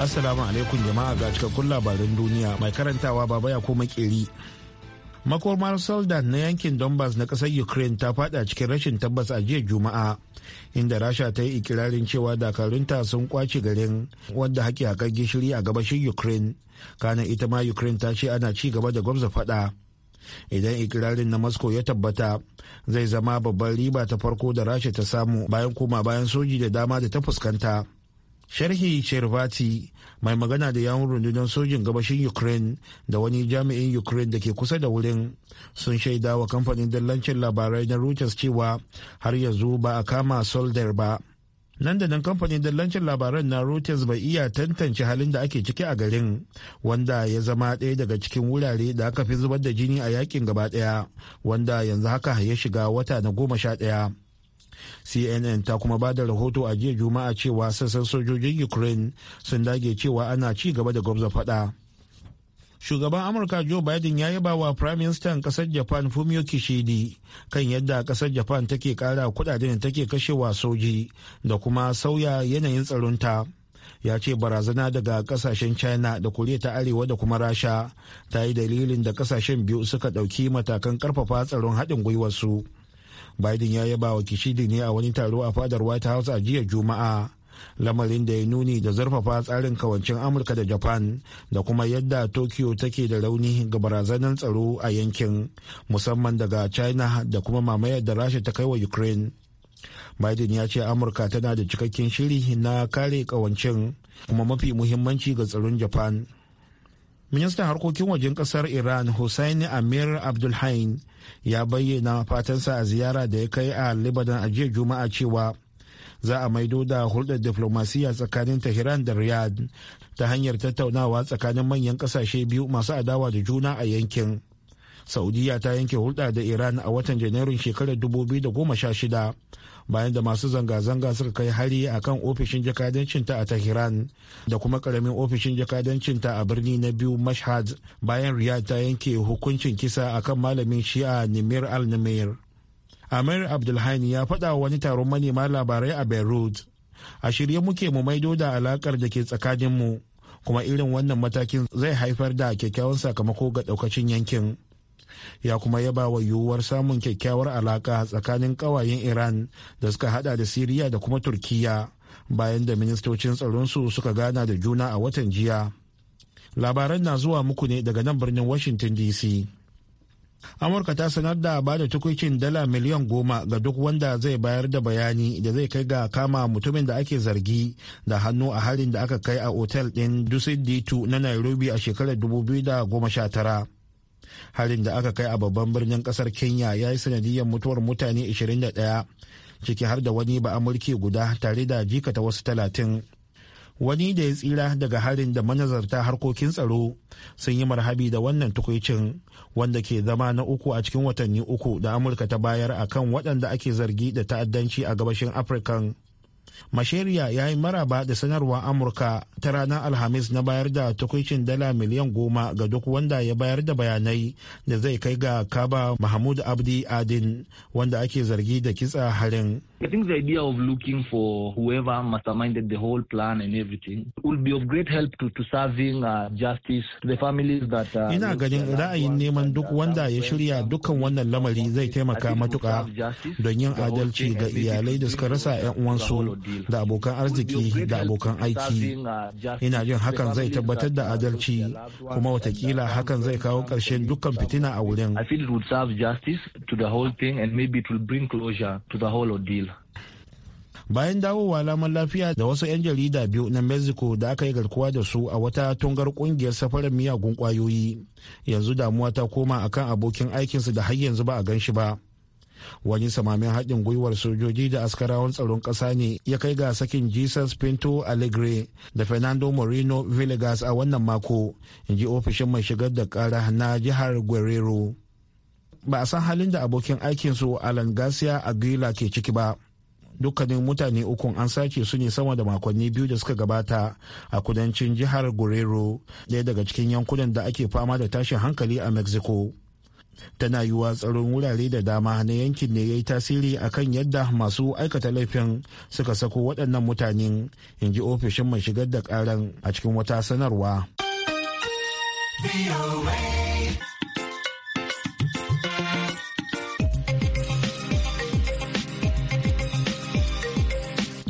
Assalamu alaikum jama'a ga cikakkun labaran duniya mai karantawa baba ya koma keri. Makomar Soldat na yankin Donbass na ƙasar Ukraine ta fada cikin rashin tabbas a jiya Juma'a, inda Rasha ta yi ikirarin cewa dakarunta sun kwace garin wanda haƙi haƙar gishiri a gabashin Ukraine. Kana ita ma Ukraine ta ce ana ci gaba da gwamza fada. idan ikirarin na moscow ya tabbata zai zama babbar riba ta farko da rasha ta samu bayan koma bayan soji da dama da ta fuskanta sharhi chervati mai magana da yawun rundunar sojin gabashin ukraine da wani jami'in ukraine da ke kusa da wurin sun shaida wa kamfanin dallancin labarai na reuters cewa har yanzu ba a kama soldar ba nan da nan kamfanin dallancin labaran na reuters bai iya tantance halin da ake ciki a garin wanda ya zama ɗaya daga cikin wurare da aka fi zubar da jini a yakin gaba ɗaya wanda yanzu haka ya shiga wata na goma sha ɗaya cnn ta kuma ba da rahoto a jiya juma'a cewa sassan sojojin ukraine sun dage cewa ana ci gaba da gwamza faɗa shugaban amurka joe biden ya yaba wa prime minister kasar japan fumio kishidi kan yadda kasar japan take kara kudaden da take kashewa soji da kuma sauya yanayin tsaronta ya ce barazana daga kasashen china da Kuriya ta arewa da kuma rasha ta yi dalilin da kasashen biyu suka ɗauki matakan karfafa tsaron haɗin gwiwarsu. su biden ya yaba wa kishidi ne a wani taro a fadar white house a jiya juma'a lamarin da ya nuni da zurfafa tsarin kawancin amurka da japan da kuma yadda tokyo take da rauni ga barazanar tsaro a yankin musamman daga china da kuma mamayar da rasha ta kai wa ukraine biden ya ce amurka tana da cikakken shiri na kare kawancin kuma mafi muhimmanci ga tsaron japan ministan harkokin wajen kasar iran hussein amir abdulhain ya bayyana fatansa a ziyara da ya kai a libanan a jiya juma'a cewa za a maido da hulɗar diflomasiyya tsakanin tehran da riyadh ta hanyar tattaunawa tsakanin manyan ƙasashe biyu masu adawa da juna a yankin saudiya ta yanke hulɗa da iran a watan janairun shekarar 2016 bayan da masu zanga-zanga suka kai hari a kan ofishin jakadancinta a Tahiran da kuma karamin ofishin jakadancinta a birni na biyu Mashhad bayan Riyadh ta yanke hukuncin kisa a kan malamin Shi'a Nimir al-Nimir. Amir Abdulhani ya faɗa wani taron manema labarai a Beirut. A shirye muke mu maido da alakar da ke tsakaninmu, kuma irin wannan matakin zai haifar da kyakkyawan sakamako ga ɗaukacin yankin. ya kuma yaba wa yiwuwar samun kyakkyawar alaka tsakanin kawayen iran da suka hada da siriya da kuma turkiya bayan da ministocin tsaronsu suka gana da juna a watan jiya labaran na zuwa muku ne daga nan birnin washington dc amurka ta sanar da ba da tukwicin dala miliyan goma ga duk wanda zai bayar da bayani da zai kai ga kama mutumin da ake zargi da hannu a halin da aka kai a otel din dusit d2 na nairobi a shekarar 2019 harin da aka kai a babban birnin kasar kenya ya yi sanadiyar mutuwar mutane 21 ciki har da wani ba amurki guda tare da jikata wasu talatin wani da ya tsira daga harin da manazarta harkokin tsaro sun yi marhabi da wannan tukwicin wanda ke zama na uku a cikin watanni uku da amurka ta bayar a kan waɗanda ake zargi da ta'addanci a gabashin afirkan Masheria ya yi maraba da sanarwa Amurka ta ranar Alhamis na bayar da takwicin dala miliyan goma ga duk wanda ya bayar da bayanai da zai kai ga Kaba Mahmud Abdi Adin wanda ake zargi da kitsa harin. I think the idea of looking for whoever masterminded the whole plan and everything will be of great help to, to serving uh, justice to the families that. Uh, Ina ganin uh, ra'ayin neman duk uh, wanda ya shirya dukkan wannan lamari zai taimaka matuka don yin adalci ga iyalai da suka rasa 'yan uwansu da abokan arziki da abokan aiki. Uh, Ina jin hakan zai tabbatar da adalci kuma watakila hakan zai kawo ƙarshen dukkan fitina a wurin. to the whole thing and maybe it will bring closure to the whole ordeal. bayan dawowa laman lafiya da wasu 'yan jarida biyu na mexico da aka yi garkuwa da su a wata tungar kungiyar safarar miyagun kwayoyi yanzu damuwa ta koma akan abokin aikinsu da har yanzu ba a gan shi ba wani samamin haɗin gwiwar sojoji da askarawan tsaron ƙasa ne ya kai ga sakin jesus pinto alegre da fernando moreno villegas a wannan mako in ji ofishin mai shigar da ƙara na jihar guerrero ba a san halin da abokin aikinsu alan gasiya aguila ke ciki ba dukkanin mutane ukun an sace su ne sama da makonni biyu da suka gabata a kudancin jihar guerrero daya daga cikin yankunan da ake fama da tashin hankali a mexico tana yiwuwa tsaron wurare da dama na yankin ne ya yi tasiri akan yadda masu aikata laifin suka sako waɗannan mutanen in ji ofishin mai shigar da ƙaran a cikin wata sanarwa.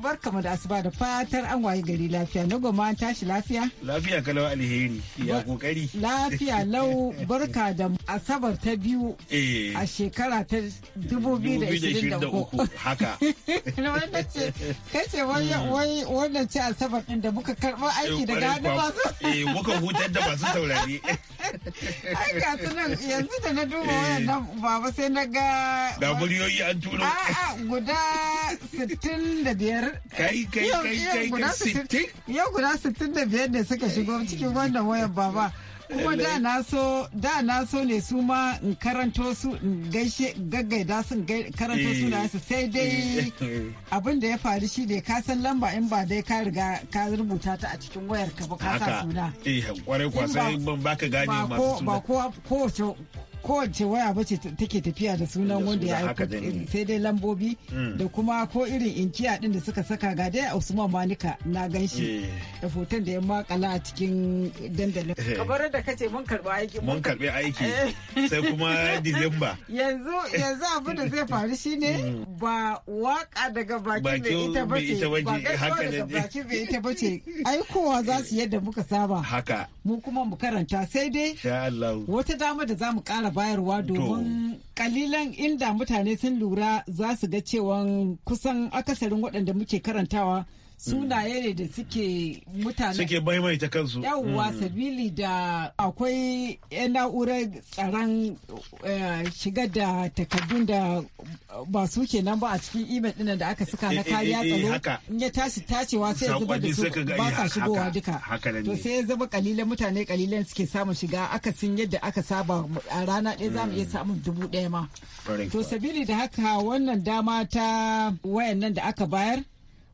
barka barkamu da asuba da fatar an waye gari lafiya na goma tashi lafiya lafiya kalau alheri ya kokari lafiya lau barka da asabar ta biyu eh. a shekara ta 2023 haka kai ce hmm. wai wannan ce asabar din da muka karɓar aiki daga gani masu eh muka hutar da masu saurari ai ga nan yanzu da na duba eh. wayannan baba sai na ga da buriyoyi an turo a'a guda 65 kai kai kai kai sittin yau guda sittin da biyar ne suka shigo cikin wannan wayan baba kuma da na so da na so ne su ma in karanto su in gaishe gaggaida su in karanto su na su sai dai eh. abin da ya faru shi ne ka san lamba in ba dai ka riga ka rubuta ta a cikin wayar ka ba ka sa suna eh kwarai kwasa ban baka gane masu suna ba ko ko kowace waya bace take tafiya da sunan wanda ya aiko sai dai lambobi mm. da kuma ko irin inkiya din da suka saka ga dai Usman Manika na ganshi eh. da foton da ya makala a cikin dandalin eh. kabar da kace mun karba aiki mun karbi aiki eh. sai kuma Disamba yanzu yanzu abin da zai faru shine mm. ba waka daga baki ne ita bace ba daga Bakin bai ita bace aikowa za su yadda muka saba haka mu kuma mu karanta sai dai wata dama da za mu kara bayarwa domin kalilan inda mutane sun lura za su ga cewa kusan akasarin waɗanda muke karantawa sunaye ne da suke mutane suke maimaita kansu yawwa mm. sabili da akwai na'urar tsaron eh, shigar da takardun da ba su ke nan ba a cikin imel ɗin da aka saka na eh, eh, kariya tsaro in ya tashi tacewa sai ya zuba da su ba sa shigowa duka to sai ya zama kalilan mutane kalilan suke samun shiga akasin yadda aka saba a rana ɗaya za mu iya mm. samun dubu ɗaya ma to sabili da haka wannan dama ta wayan nan da aka bayar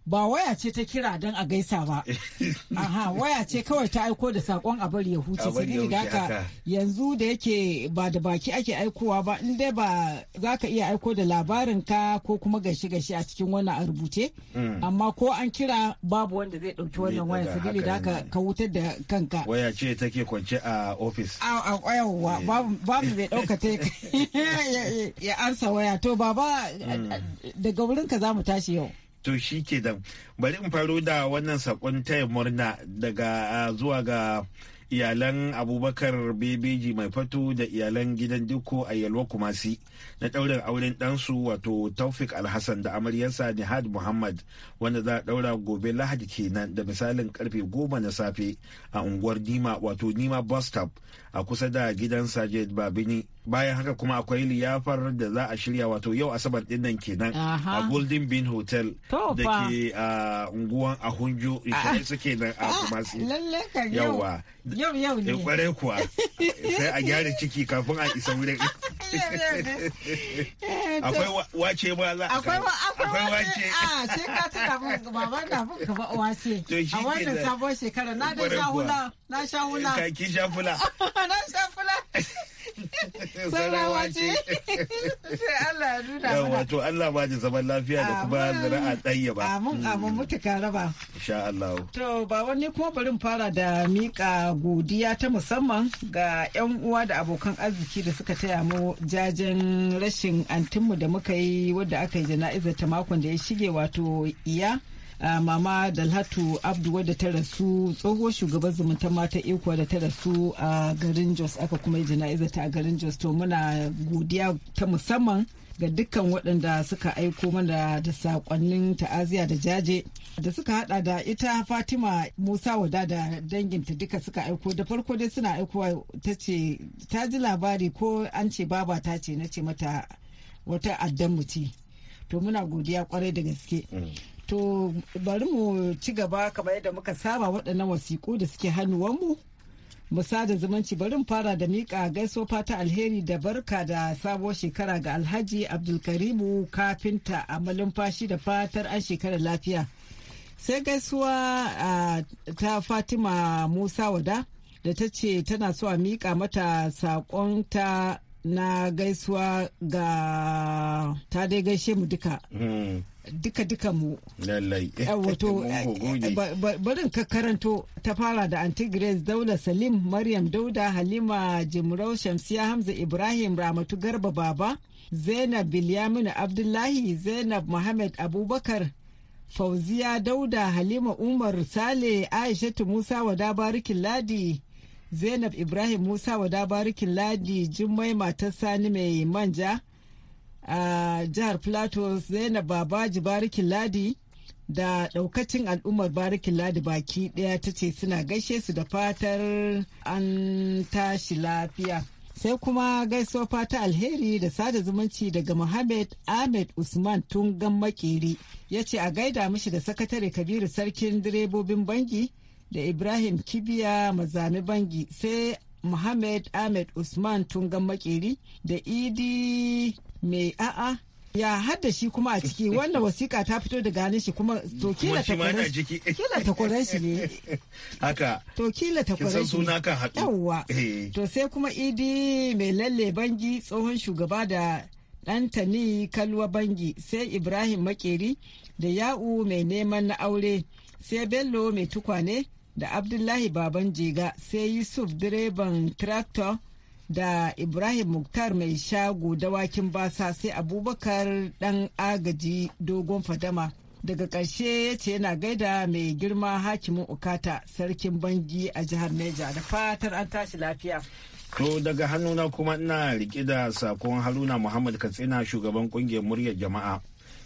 ba waya ce ta kira don a gaisa ba aha waya ce kawai ta aiko da sakon a bari ya huce sabili da haka yanzu da yake ba da baki ake aikowa ba in dai ba za ka iya aiko da labarin ka ko kuma gashi gashi a cikin wannan a rubuce hmm. amma ko an kira babu wanda zai dauki wannan waya sabili da haka ka wutar da kanka waya ce take kwance a ofis a yawa eh. babu zai dauka ta ya ansa waya to baba hmm. daga wurin ka za mu tashi yau to shi ke da bari in faro da wannan sakon taya murna daga zuwa ga iyalan abubakar bebeji mai fato da iyalan gidan duko a yalwa kumasi na ɗaurin auren ɗansu wato taufik alhassan da amaryarsa nihad muhammad wanda za a ɗaura gobe lahadi kenan da misalin karfe goma na safe a unguwar nima wato nima bus stop a kusa da gidan Sajid Babini. Bayan haka kuma akwai liyafar da za a shirya wato yau Asabar dinnan kenan a Golden Bean Hotel da ke a unguwan Ahunjo Ishirai ah, ah. suke nan a ah, Kumasi. Yau yau ne. Eh, kuwa. Sai a gyara ciki kafin a isa wurin. akwai wace ma za akwai wace a ah, sai ka mun baba na mun gaba wace a wannan sabon shekara na da shahula na na sarawa ce sai Allah ya nuna mana wato Allah ba ji zaman lafiya da kuma zira'a ɗanya ba amin amin mm. mutuka raba insha Allah to ba wani kuma bari mu fara da mika godiya ta musamman ga yan uwa da abokan arziki da suka taya mu jajen rashin antinmu da muka yi wadda aka yi jana'izar ta makon da ya shige wato iya mama dalhatu abdu wadda ta rasu tsohuwar shugaban zumunta mata iko da ta rasu a garin jos aka kuma yi jana'iza ta a garin jos to muna godiya ta musamman ga dukkan waɗanda suka aiko mana da saƙonnin ta'aziya da jaje da suka hada da ita fatima musa wada da danginta duka suka aiko da farko dai suna aiko ta ce ta ji labari ko an ce baba ta ce na ce mata wata addan mu ce to muna godiya kwarai da gaske mm. To bari mu ci gaba kamar yadda muka saba waɗannan wasiƙu da suke hannuwanmu. Mu sada zumunci bari fara da miƙa gaiso fata alheri da barka da sabuwar shekara ga Alhaji Abdulkarimu kafinta a malumfashi da fatar an shekarar lafiya. Sai gaisuwa ta Fatima Musa Wada da ta ce tana so a miƙa mata saƙon ta na gaisuwa ga ta dai gaishe mu duka hmm. duka duka mu lallai wato barin ka karanto ta fara da anti grace daula salim maryam dauda halima jimrau shamsiya hamza ibrahim ramatu garba baba zainab bilyaminu abdullahi zainab muhammad abubakar fauziya dauda halima umar sale aishatu musa wada barikin ladi zainab ibrahim musa wada barikin ladi jummai matar sani mai manja a jihar plateau zainab babaji barikin ladi da daukacin al'ummar barikin ladi baki daya ta ce suna gaishe su da fatar an tashi lafiya sai kuma gaiso fata alheri da sada zumunci daga Muhammad Ahmed Usman Tungan Makeri ya ce a gaida mishi da sakatare Kabiru Sarkin Direbobin Bangi da Ibrahim Kibiya Mazami Bangi sai Muhammad Ahmed Usman Tungan Makeri da Idi Mai A'a ya hada shi kuma a ciki wannan wasiƙa ta fito daga hannun shi kuma to kila takwarar shi ne haka to kila takwarar shi suna kan haɗu yawwa eh. to sai kuma idi mai lalle bangi tsohon shugaba da ɗantani kalwa bangi sai ibrahim makeri da ya'u mai neman na aure sai bello mai tukwane da abdullahi baban jega sai yusuf direban tractor da ibrahim muktar mai shago dawakin basa sai abubakar dan agaji dogon fadama daga karshe ya ce yana gaida mai girma hakimin ukata sarkin bangi a jihar neja da fatar an tashi lafiya to daga hannuna kuma ina rike da sakon haruna muhammad katsina shugaban ƙungiyar muryar jama'a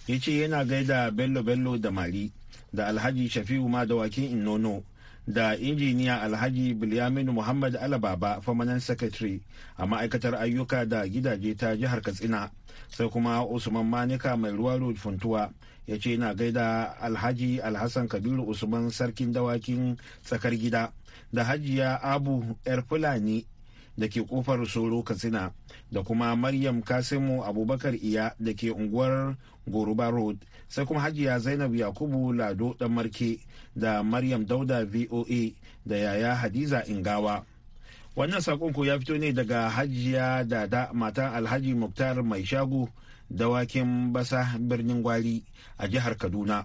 ya ce yana gaida bello bello da mari da alhaji shafi'u ma dawakin innono da injiniya alhaji bilyamin muhammad alababa famanan secretary a ma'aikatar ayyuka da gidaje ta jihar katsina sai kuma usman manika mai ruwa funtuwa ya ce na gaida alhaji alhassan kabiru usman sarkin dawakin tsakar gida da hajiya abu yar fulani da ke kofar soro katsina da kuma maryam kasimu abubakar iya da ke unguwar goruba road sai kuma hajiya zainab yakubu lado dan marke da maryam dauda voa da yaya hadiza ingawa wannan sakon ku ya fito ne daga hajiya dada matan alhaji muktar mai shago dawakin basa birnin gwari a jihar kaduna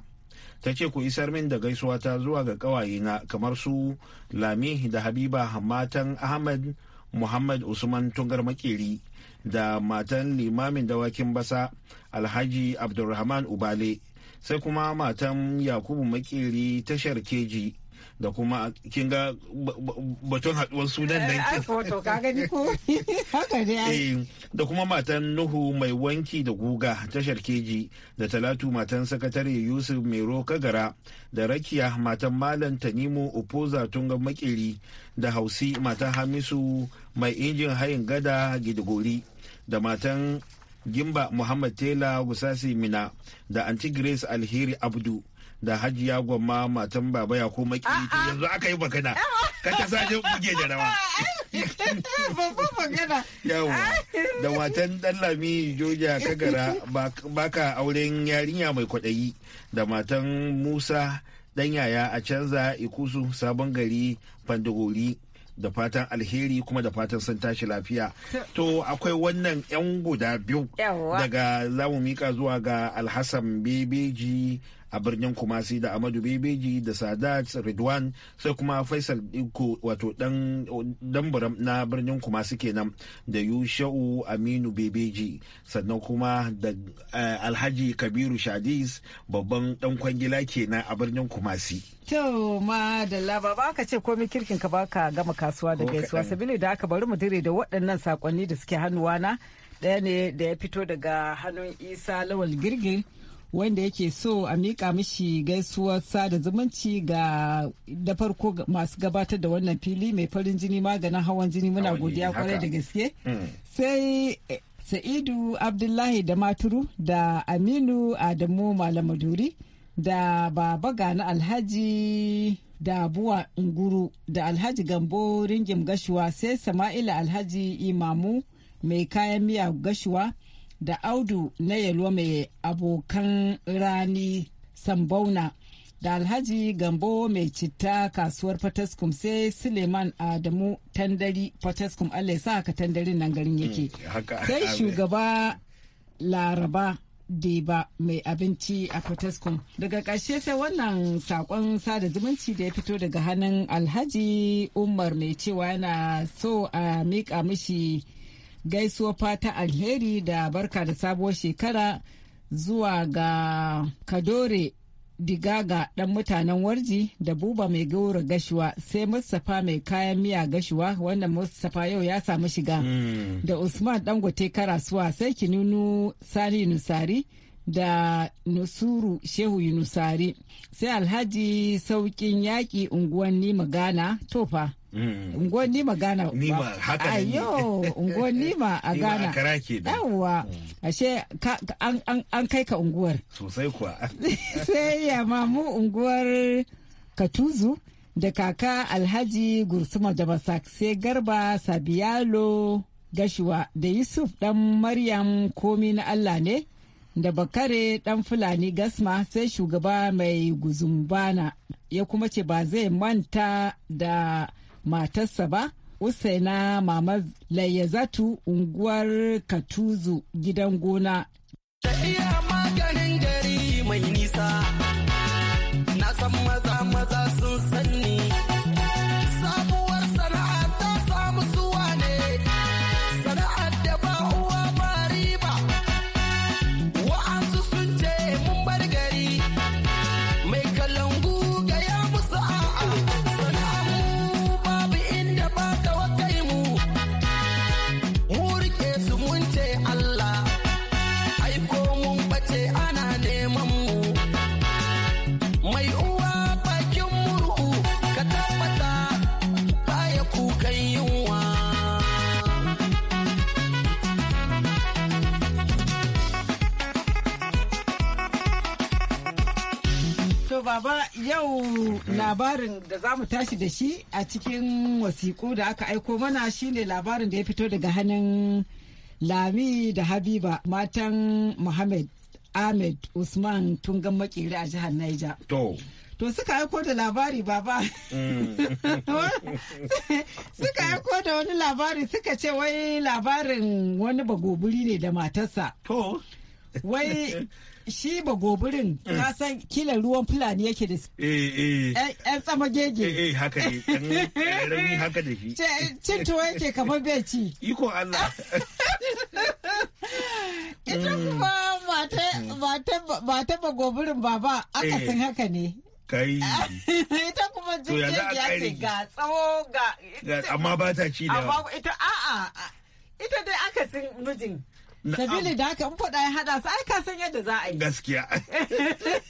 ta ce ku isar min da gaisuwa ta zuwa ga kawayena kamar su lami da habiba matan ahmad muhammad usman tungar makeri da matan limamin dawakin basa alhaji abdulrahman ubale sai kuma matan yakubu makeri tashar keji da kuma kin ga batun haduwar sunan nan eh, eh, da kuma matan nuhu mai wanki da guga tashar keji da talatu matan sakatare yusuf mero kagara da rakiya matan malam tanimu opoza tunga makiri da hausi matan hamisu mai injin hayin gada gidigori da matan gimba muhammad tela gusasi mina da anti grace alheri abdu da hajiya gwamma matan baba ya koma ki yanzu aka yi magana kaka sace buge da rawa babban da matan dan joja kagara baka auren yarinya mai kwaɗayi da matan musa dan yaya a canza ikusu sabon gari fandagori da fatan alheri kuma da fatan sun tashi lafiya to akwai wannan yan guda biyu daga zamu mika zuwa ga alhassan bebeji a birnin kumasi da amadu bebeji da sadat ridwan sai kuma faisal iko wato dan na birnin kumasi kenan da yusha'u aminu bebeji sannan kuma da eh, alhaji kabiru shadis babban dan kwangila kenan a birnin kumasi to ma da laba ba ka ce komai kirkin ka baka gama kasuwa da gaisuwa sabili da aka bari mu dire da waɗannan sakonni da suke hannuwana ɗaya ne da ya fito daga hannun isa lawal girgir wanda yake so a mika mishi gaisuwar sada zumunci ga da farko masu gabatar da wannan fili mai farin jini maganin hawan jini muna godiya kwarai da gaske mm. sai eh, sa'idu abdullahi da maturu da aminu adamu malamaduri da baba gani alhaji da buwa nguru da alhaji gambo ringim gashuwa sai sama'ila alhaji imamu mai kayan miya gashuwa da audu na yalwa mai abokan rani sambauna da alhaji gambo mai citta kasuwar fataskum sai suleiman adamu tandari fataskum allah sa haka tandarin nan garin yake mm, sai shugaba laraba deba mai abinci a fataskum daga ƙarshe sai wannan sakon sada zumunci da ya fito daga hannun alhaji umar mai cewa yana so a miƙa mishi gaisuwa fata alheri da barka da sabuwar shekara zuwa ga kadore digaga dan mutanen warji da buba mai gaura gashuwa sai mustapha mai kayan miya gashuwa wanda mustapha yau ya samu shiga hmm. da usman dangote karasuwa sai kinunu sani nusari da nusuru shehu yunusari sai alhaji saukin yaƙi unguwanni magana tofa Mm. unguwar nima gana nima haka nima a gana a ke da yawwa mm. ashe an kai ka unguwar sosai kuwa sai ya mamu unguwar katuzu da kaka alhaji gursuma da masak sai garba sabiyalo gashuwa da yusuf dan maryam komi na allah ne da bakare ɗan fulani gasma sai shugaba mai guzumbana ya kuma ce ba zai manta da matarsa ba usaina mama layyazatu unguwar katuzu gidan gona baba yau labarin da za mu tashi da shi a cikin wasiƙu da aka aiko mana shine labarin da ya fito daga hannun Lami da Habiba matan Muhammad Ahmed Usman Tungan makiri a jihar Niger. To. To suka aiko da labari baba. suka aiko da wani labari suka ce wai labarin wani bagoburi ne da matarsa. Wai shi ba gobirin na mm. san kila ruwan fulani yake da eh, eh. yan tsama gege eh, eh haka ne rami haka da shi cin tuwa yake kamar bai ci iko Allah ita kuma mata ba gobirin baba aka san haka ne kai ita kuma jirgin ya ce ga tsawo ga amma ba ta ci da amma ita a'a ita dai aka san mijin Sabili da haka in faɗa ya haɗa su ai ka san yadda za a yi. Gaskiya.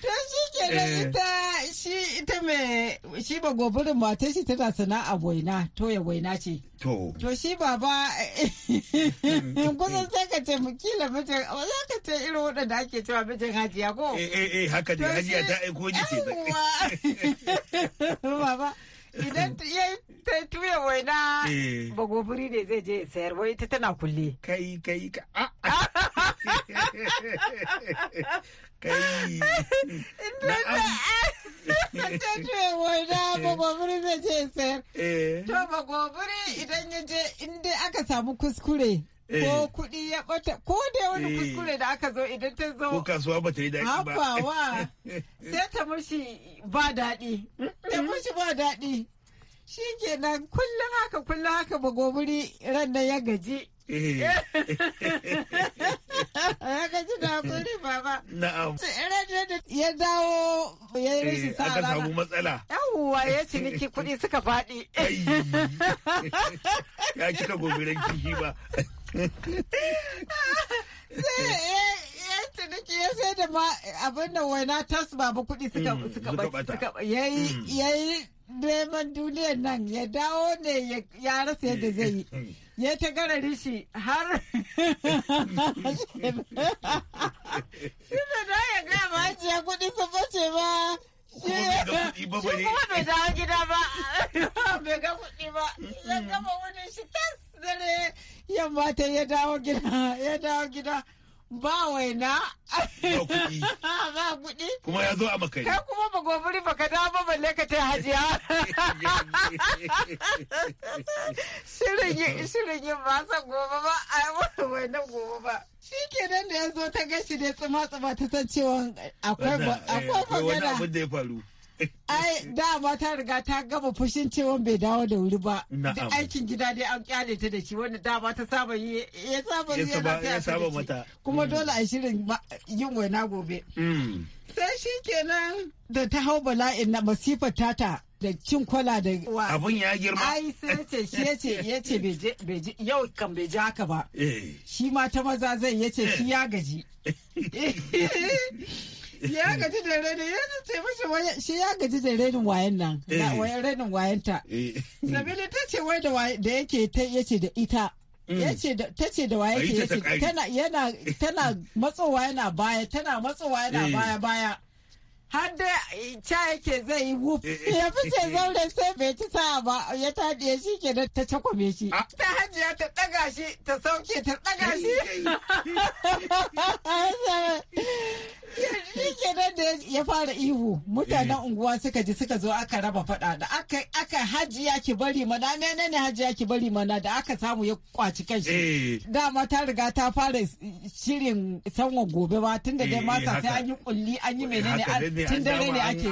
To shi ke eh. ita shi ita mai shi ba gobirin mata shi tana sana'a waina toya waina ce. To. To shi baba kusan sai ka ce mu kila mijin za ka ce irin waɗanda ake cewa mijin hajiya ko. Eh eh, eh haka ne hajiya ta aiko ji ce. Baba. idan ta tuya waina ba eh. gobiri ne zai je sayar wai ta tana kulle kai kai ka kai ta tuya waina ba eh. gobiri zai je sayar eh. to ba idan ya je in dai aka samu kuskure ko eh. kuɗi ya ɓata ko da wani eh. kuskure da aka zo idan ta zo ko kasuwa ba ta yi daɗi ba haɓawa sai ta mushi ba daɗi ta mushi ba daɗi shi nan kullum haka kullum haka ba gobiri ran na ya gaji eh. ya gaji da hakuri baba na'am ran da ya dawo ya yi rashin sa aka samu matsala yawwa ya ciniki kuɗi suka faɗi ya kika gobiran kishi ba ya sai da ma abin da waina tas babu kuɗi suka ya yi neman duniyar nan ya dawo ne ya rasa yadda zai yi ya ta gara rishi har shi da ya gaya ma hajiya kuɗi sun bace ba shi kuma bai dawo gida ba bai ga kuɗi ba ya gama wurin shi tas dare yamma ta ya dawo gida ya dawo gida ba waina ba kuɗi kuma ya zo a makai kai kuma ba gobiri ba ka ba balle ka ta hajiya shirin yin ba san gobe ba a waina gobe ba shi nan da ya zo ta gashi da tsuma tsuma ta san cewa akwai magana eh, akwai wani ai dama ta riga ta gama fushin cewa bai dawo da wuri ba da aikin gida dai an kyale ta da shi wanda dama ta saba yi ya saba yi yana saba mata kuma mm. dole a shirin yin waina gobe mm. sai shi kenan da ta hau bala'in na masifar tata da cin kwala da wa abun ya girma ai sai ce shi yace yace bai ji yau kan bai ji haka ba eh. shi ma ta maza zai yace shi ya gaji ya gaji da reni ya ce mashi waya shi ya gaji da renin wayan nan eh. wayan renin wayan ta eh. sabili ta ce wai da da yake ta yace da ita mm. yace ta ce da waye ke yace tana yana tana matsowa yana baya tana matsowa yana eh. baya baya har da ca yake zai yi wuf eh, eh. ya ce zaure sai bai ci sa ba ya taɗe shi ke da ta cakwame shi ah. ta hajiya ta ɗaga shi ta sauke ta ɗaga eh, shi shi ke nan da ya fara ihu mutanen unguwa suka ji suka zo aka raba faɗa da aka hajiya ki bari mana ne ne hajiya ki bari mana da aka samu ya kwaci kanshi dama ta riga ta fara shirin sanwa gobe ba tunda dai mata sai an yi kulli an yi menene tun dare ne ake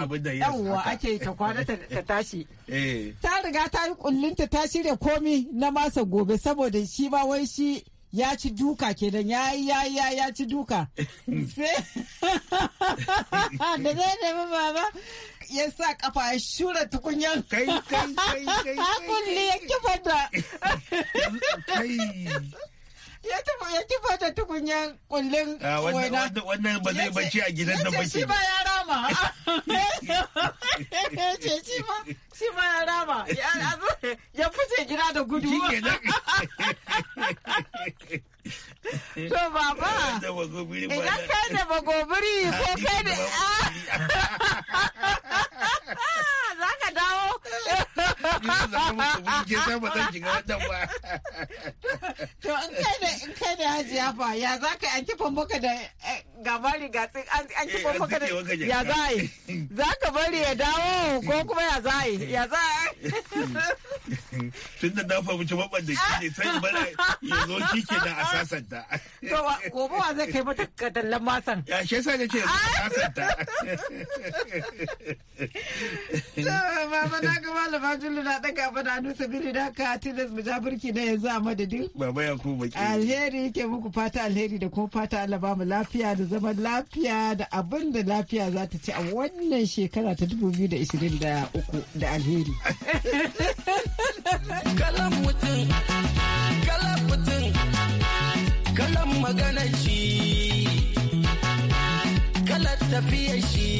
ake ta kwana ta tashi eh. ta riga ta kullinta ta shirya komi na masa gobe saboda shi ba wai shi ya ci duka kenan ya yi ya ya ya ci duka da zai nemi baba ya sa kafa ya shura tukunya. kai kai kai kai kulli ya kai ta ya tafi ya kifa ta tukunya kullun ah, waina wannan ba zai bace a gidan nan bacci ba ya rama ya ce shi ma shi ma ya rama ya fice gida da gudu to baba idan kai da bagobiri ko kai da za ka dawo. To in kai da hajiya fa ya za ka an kifan maka da gaba eh, riga an kifan eh, maka da ya za yi. Za ka bari ya dawo ko kuma ya za yi ya za yi. tun da na fahimci da shi ne sai bana ya zo shi ke da asasanta. To gobe wa zai kai mata kadallan masan. Ya shi yasa ne ce asasanta. Baba na ga malama Julu na ɗaga na nusa biri na ka tilas mu ja na yanzu a madadin. Baba ya ku baki. Alheri yake muku fata alheri da ko fata Allah ba mu lafiya da zaman lafiya da abin da lafiya za ta ci a wannan shekara ta 2023 da alheri. kalan mutum kalan mutum kalan magana shi kalan tafiya shi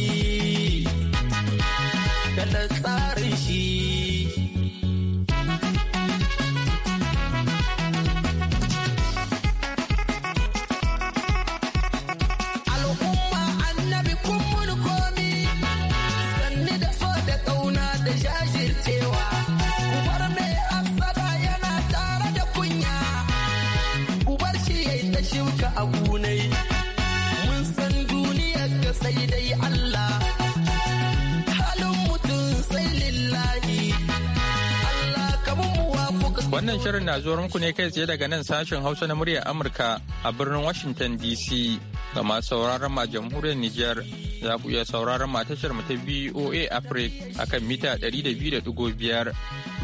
kalan tsara Wannan shirin na zuwa muku ne kai tsaye daga nan sashen Hausa na muryar Amurka a birnin Washington DC. Ga masu sauraron ma jamhuriyar Nijar za ku iya sauraron ma tashar mu ta BOA Africa akan mita 200.5.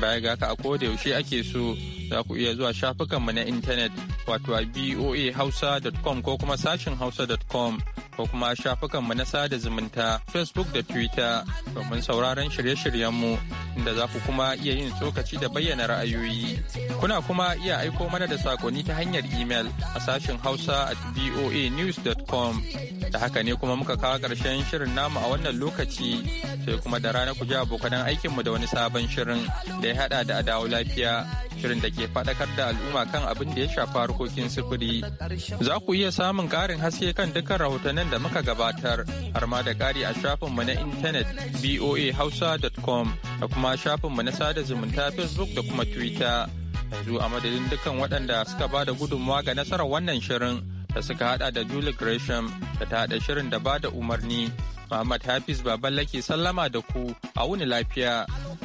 Baya ga ka a da yaushe ake so za ku iya zuwa shafukan mu na intanet wato a boahausa.com ko kuma sashen hausa.com ko kuma shafukanmu na sada zumunta Facebook da Twitter domin sauraron shirye-shiryenmu inda za ku kuma iya yin tsokaci da bayyana ra'ayoyi. Kuna kuma iya aiko mana da sakonni ta hanyar email a sashen Hausa at voanews.com. Da haka ne kuma muka kawo ƙarshen shirin namu a wannan lokaci sai kuma da rana ku ji abokanan aikinmu da wani sabon shirin da ya haɗa da adawo lafiya shirin da ke faɗakar da al'umma kan abin da ya shafa harkokin sufuri. Za ku iya samun ƙarin haske kan dukkan rahotannin bayanan da muka gabatar har ma da kari a shafinmu na intanet voahausa.com da kuma shafinmu na sada zumunta facebook da kuma twitter yanzu a madadin dukkan waɗanda suka ba da gudunmawa ga nasarar wannan shirin da suka hada da julie gresham da ta haɗa shirin da ba da umarni Muhammad Hafiz Baballake sallama da ku a wuni lafiya.